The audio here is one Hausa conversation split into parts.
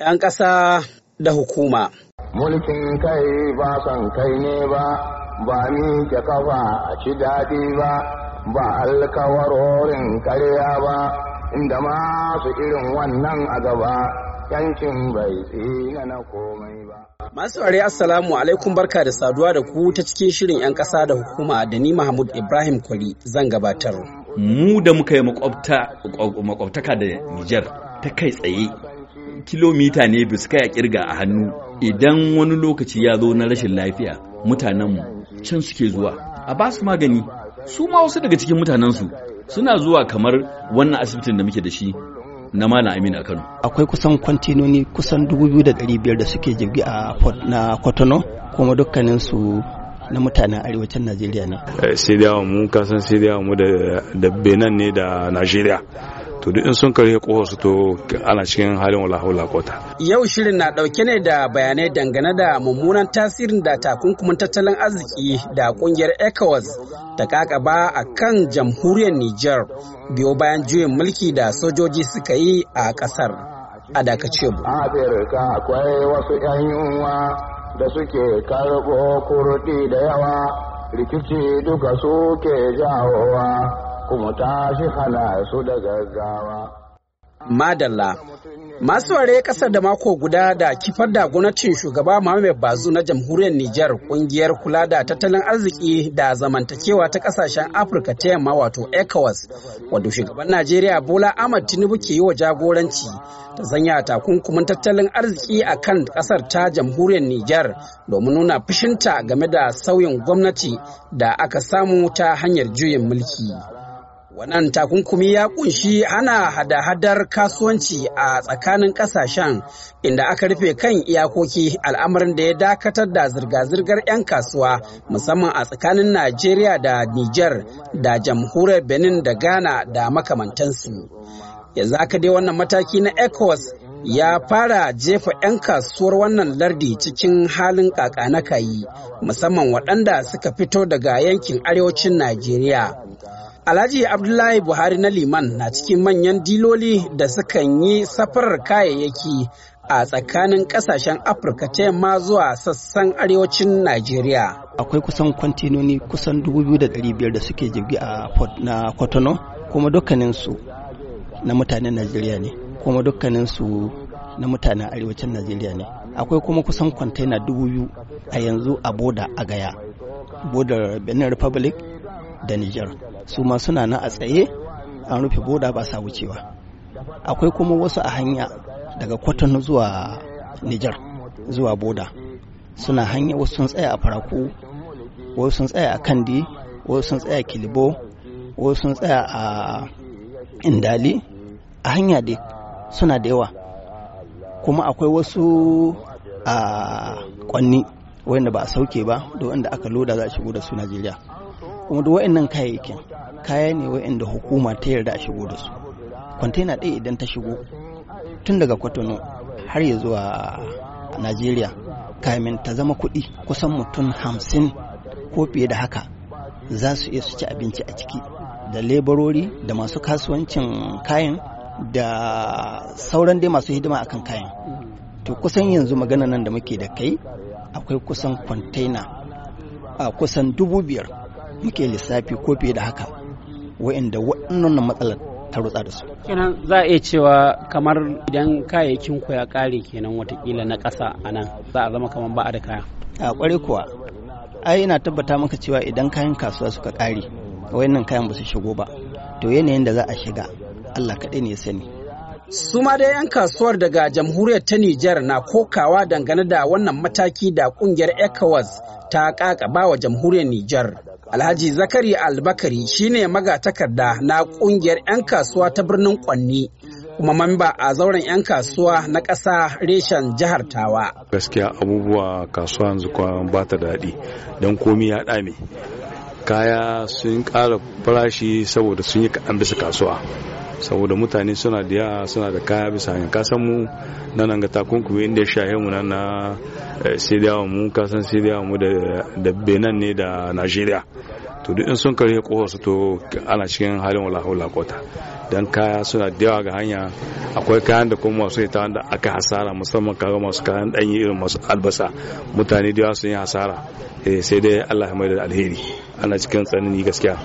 'yan ƙasa da hukuma. Mulkin kai ba son kai ne ba, ba ke kafa a ci daɗi ba, ba alkawarorin karya ba, inda masu irin wannan a gaba. yankin bai tsina na komai ba. Masu ware assalamu alaikum barka da saduwa da ku ta cikin shirin 'yan ƙasa da hukuma da ni Mahmud Ibrahim Kwali zan gabatar. Mu da muka yi makwabtaka da Nijar ta kai tsaye kilomita ne biskaya kirga a hannu idan wani lokaci ya zo na rashin lafiya mutanenmu can suke zuwa a ba su magani su ma wasu daga cikin mutanensu suna zuwa kamar wannan asibitin da muke da shi na mana amina a Kano. Akwai kusan kwantinoni kusan 2,500 da suke jirgi a Port na Kotono kuma dukkanin su na mutanen arewacin Najeriya ne. Eh, sai dai mu kasan sai da mu da Benin ne da Najeriya. to duk in sun karya su to ana cikin halin wala kota yau shirin na dauke ne da bayanai dangane da mummunan tasirin da takunkumin tattalin arziki da kungiyar ecowas ta kakaba a kan jamhuriyar niger biyo bayan juyin mulki da sojoji suka yi a kasar a dakace mu akwai wasu 'yan yunwa da suke karɓo kurɗi da yawa rikici duka suke jawowa kuma ta shi hana su da gaggawa. Madalla Masu ware kasar da mako guda da kifar da gwamnatin shugaba Muhammad Bazu na jamhuriyar Nijar kungiyar kula da tattalin arziki da zamantakewa ta kasashen Afirka ta yamma wato ECOWAS wadda shugaban Najeriya Bola Ahmad Tinubu ke yi wa jagoranci ta zanya takunkumin tattalin arziki a kan kasar ta jamhuriyar Nijar domin nuna fushinta game da sauyin gwamnati da aka samu ta hanyar juyin mulki. Wannan takunkumi ya kunshi hana hada-hadar kasuwanci a tsakanin kasashen inda aka rufe kan iyakoki al'amarin da ya dakatar da zirga-zirgar 'yan kasuwa musamman a tsakanin Najeriya da Nijar da jamhuriyar Benin da Ghana da makamantansu. Yanzu aka dai wannan mataki na ECOWAS ya fara jefa 'yan kasuwar wannan lardi cikin halin yi musamman waɗanda suka fito daga yankin arewacin Najeriya. Alhaji Abdullahi Buhari na Liman na cikin manyan diloli da sukan yi safarar kayayyaki a tsakanin kasashen Afirka ta yamma zuwa sassan arewacin Najeriya. Akwai kusan kwantenoni kusan 2,500 da suke jirgi a Port na Kotono kuma dukkaninsu na mutanen Najeriya ne kuma dukkaninsu na mutanen arewacin Najeriya ne. Akwai kuma kusan kwantaina 2,000 a yanzu a boda a gaya. Bodar Benin Republic da Nijar su ma suna nan a tsaye an rufe boda ba sa wucewa akwai kuma wasu a hanya daga kwatano zuwa Nijar zuwa boda suna hanya wasu sun tsaya a faraku wasu sun tsaya a kandi wasu sun tsaya a kilibo wasu sun tsaya a indali a hanya dai suna da yawa kuma akwai wasu a kwanni wanda ba a sauke ba da wanda aka loda za a shigo da su najeriya kuma duk wa'annan kayayyakin kaya ne wa'anda hukuma ta yarda a shigo da su kwantena ɗaya idan ta shigo tun daga kwatano har ya zuwa najeriya kamin ta zama kuɗi kusan mutum hamsin ko fiye da haka za su iya su abinci a ciki da leburori, da masu kasuwancin kayan da sauran dai masu hidima akan kayan to kusan yanzu magana nan da muke da kai akwai kusan kwantaina a kusan dubu biyar muke lissafi ko fiye da haka wa'inda waɗannan matsalar ta rutsa da su. kenan za a iya cewa kamar idan kayayyakin ku ya ƙare kenan watakila na ƙasa a nan za a zama kamar ba a da kaya. a ƙware kuwa ai ina tabbata maka cewa idan kayan kasuwa suka ƙare wayannan kayan ba su shigo ba to yanayin da za a shiga Allah kaɗai ne ya sani. su ma dai 'yan kasuwar daga jamhuriyar ta Nijar na kokawa dangane da wannan mataki da kungiyar ECOWAS ta kakaba wa jamhuriyar Nijar. Alhaji Zakari Albakari shine magatakarda na kungiyar 'yan kasuwa ta birnin Kwanni kuma mamba a zauren 'yan kasuwa na ƙasa reshen jihar Tawa. Gaskiya abubuwa kasuwa yanzu ba ta daɗi don komi ya ɗame. Kaya sun ƙara farashi saboda sun yi kaɗan bisa kasuwa. saboda mutane suna da yawa suna da kaya bisa hanyar kasan mu nan ga takunku takunkumi inda shahe mu nan na eh, sai da mu kasan sai da mu da benin ne da nigeria to duk in sun karye kohar su to ana cikin halin wala hula kota dan kaya suna da yawa ga hanya akwai kayan da kuma masu ita wanda aka hasara musamman kaga masu kayan danyi irin masu albasa mutane da yawa sun yi hasara eh, sai dai Allah ya mai da alheri ana cikin tsanani gaskiya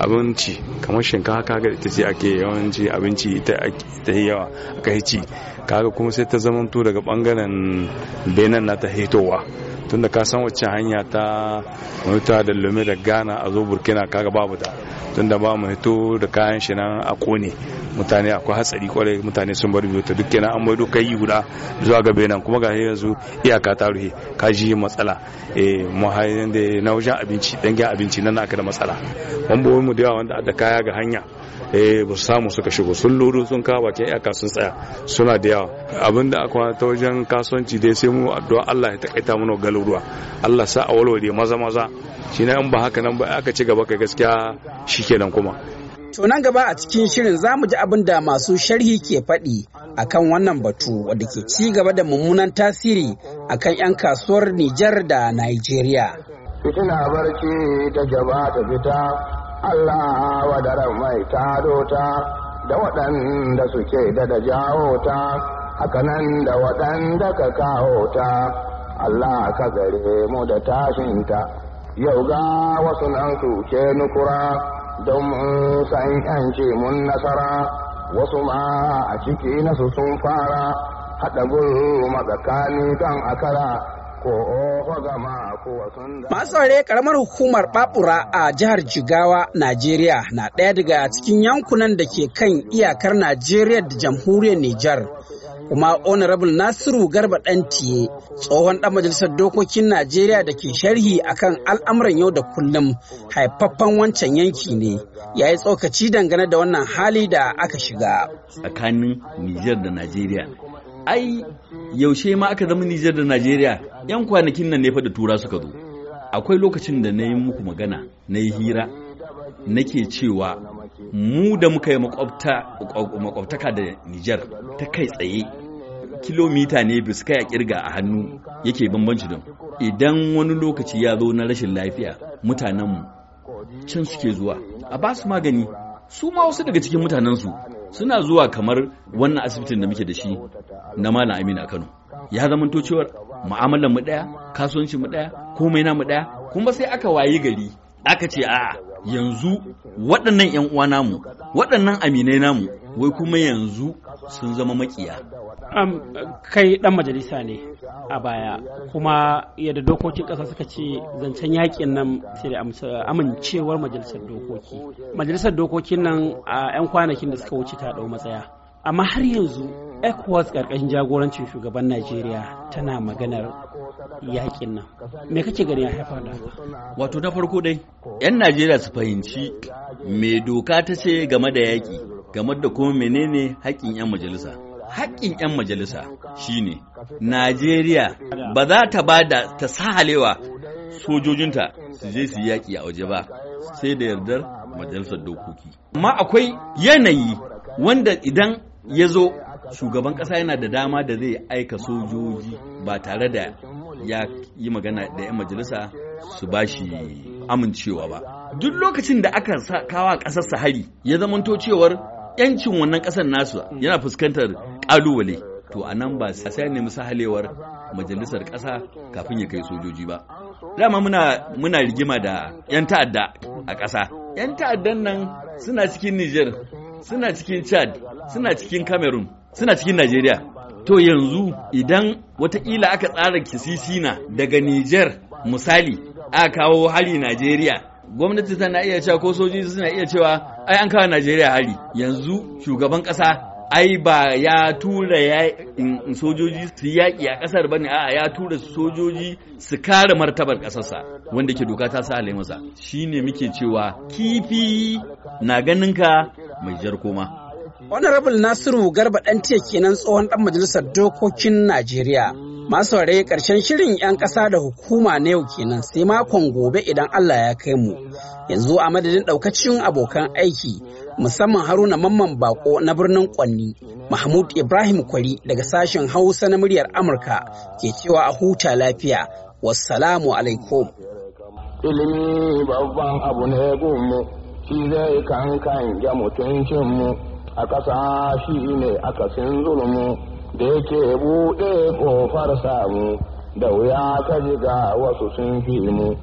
abinci kamar shinkafa kaga ita ce ake yawanci abinci ita ta yi yawa aka ci kaga kuma sai ta zamantu daga bangaren benin na ta hitowa tunda ka san wacce hanya ta mutuwa da lume da ghana a zo burkina kaga babu ta tunda ba mu hito da kayan shi nan a kone mutane akwai hatsari kwarai mutane sun bar biyu ta duk kenan an maido kai guda zuwa ga benin kuma ga yanzu iyaka ta ruhe ka ji matsala eh mu da na wajen abinci dangin abinci nan aka da matsala wanda mu da yawa wanda da kaya ga hanya eh ba su samu suka shigo sun luru sun kawo bakin iyaka sun tsaya suna da yawa abinda akwai ta wajen kasuwanci dai sai mu addu'a Allah ya takaita mana galuruwa Allah sa a walwale maza maza shi in ba haka nan ba aka ci gaba kai gaskiya shikenan kuma to nan gaba a cikin shirin za mu ji abin da masu sharhi ke faɗi akan wannan batu wadda ke ci gaba da mummunan tasiri akan 'yan kasuwar Nijar da Najeriya. Fitina barci ta jama'a ta fita Allah wadaran mai tado ta da waɗanda suke da jawo ta hakanan da waɗanda ka kawo ta Allah ka gare mu da tashinta yau ga wasu nan suke nukura don mun san yanci mun nasara wasu ma a ciki nasu sun fara haɗa gulu matsakani kan akara Matsare karamar hukumar Babura a jihar Jigawa, Najeriya na ɗaya daga cikin yankunan da ke kan iyakar Najeriya da jamhuriyar Nijar. Kuma Honorable Nasiru Garba Ɗantiye, tsohon ɗan majalisar dokokin Najeriya da ke sharhi akan al'amuran yau da kullum haifaffen wancan yanki ne, ya yi tsokaci dangane da wannan hali da aka shiga. Tsakanin Nijar da Najeriya ai yaushe ma aka zama Nijar da Najeriya yan kwanakin nan ne fa da tura suka zo akwai lokacin da na yi muku magana na yi hira nake cewa mu da muka yi makwabtaka da Nijar ta kai tsaye kilomita ne bisu kai a kirga a hannu yake bambanci don idan wani lokaci ya zo na rashin lafiya mutanenmu can suke zuwa a ba su magani su ma wasu daga cikin mutanensu suna zuwa kamar wannan asibitin da muke da shi na malam aminu a kano ya zamanto cewar mu'amalar mu ɗaya kasuwanci mu ɗaya komai na mu ɗaya kuma sai aka wayi gari aka ce a yanzu waɗannan 'yan uwa namu waɗannan aminai namu wai kuma yanzu sun zama makiya. kai ɗan majalisa ne a baya kuma yadda dokokin ƙasa suka ce zancen yakin nan sai da amincewar majalisar dokoki majalisar dokokin nan a 'yan kwanakin da suka wuce ta ɗau matsaya amma har yanzu ecowas karkashin jagorancin shugaban najeriya tana maganar yakin nan me kake gani ya haifar da wato na farko dai 'yan najeriya su fahimci me doka ta ce game da yaki game da kuma menene haƙƙin 'yan majalisa haƙƙin 'yan majalisa shine Najeriya ba za ta ba da ta sahalewa sojojinta su je su yaƙi a waje ba sai da yardar majalisar dokoki. Amma akwai yanayi wanda idan ya zo shugaban ƙasa yana da dama da zai aika sojoji ba tare da ya yi magana da 'yan majalisa su ba shi amincewa ba. Duk lokacin da aka kawa ƙasar sahari ya zamanto cewar 'yancin wannan ƙasar nasu yana fuskantar kalubale to a nan ba sai ne musu halewar majalisar ƙasa kafin ya kai sojoji ba dama muna muna rigima da 'yan ta'adda a ƙasa 'yan ta'addan nan suna cikin niger suna cikin chad suna cikin cameroon suna cikin nigeria to yanzu idan watakila aka tsara kisisina daga niger misali aka kawo hari nigeria gwamnati tana iya cewa ko sojoji suna iya cewa ai an kawo Najeriya hari yanzu shugaban ƙasa. ai ba ya tura sojoji su yaƙi a ƙasar ba ne? a ya tura sojoji su kare martabar ƙasarsa wanda ke doka ta sa alai masa shine muke cewa kifi na ganin ka mai jar koma Honorable Nasiru Garba ɗan kenan tsohon ɗan majalisar dokokin Najeriya. Masu ware ƙarshen shirin 'yan ƙasa da hukuma na yau kenan sai makon gobe idan Allah ya kai mu. Yanzu a madadin ɗaukacin abokan aiki musamman Haruna Mamman Bako na birnin Kwanni, Mahmud Ibrahim Kwari daga sashen Hausa na muryar Amurka ke cewa a huta lafiya. Wassalamu alaikum. Ilimi babban abu ne gumu, shi zai kankan ya mutuncinmu, a ƙasa shi ne akasin zulmu da yake buɗe ƙofar samu, da wuya ta ga wasu sun fi mu.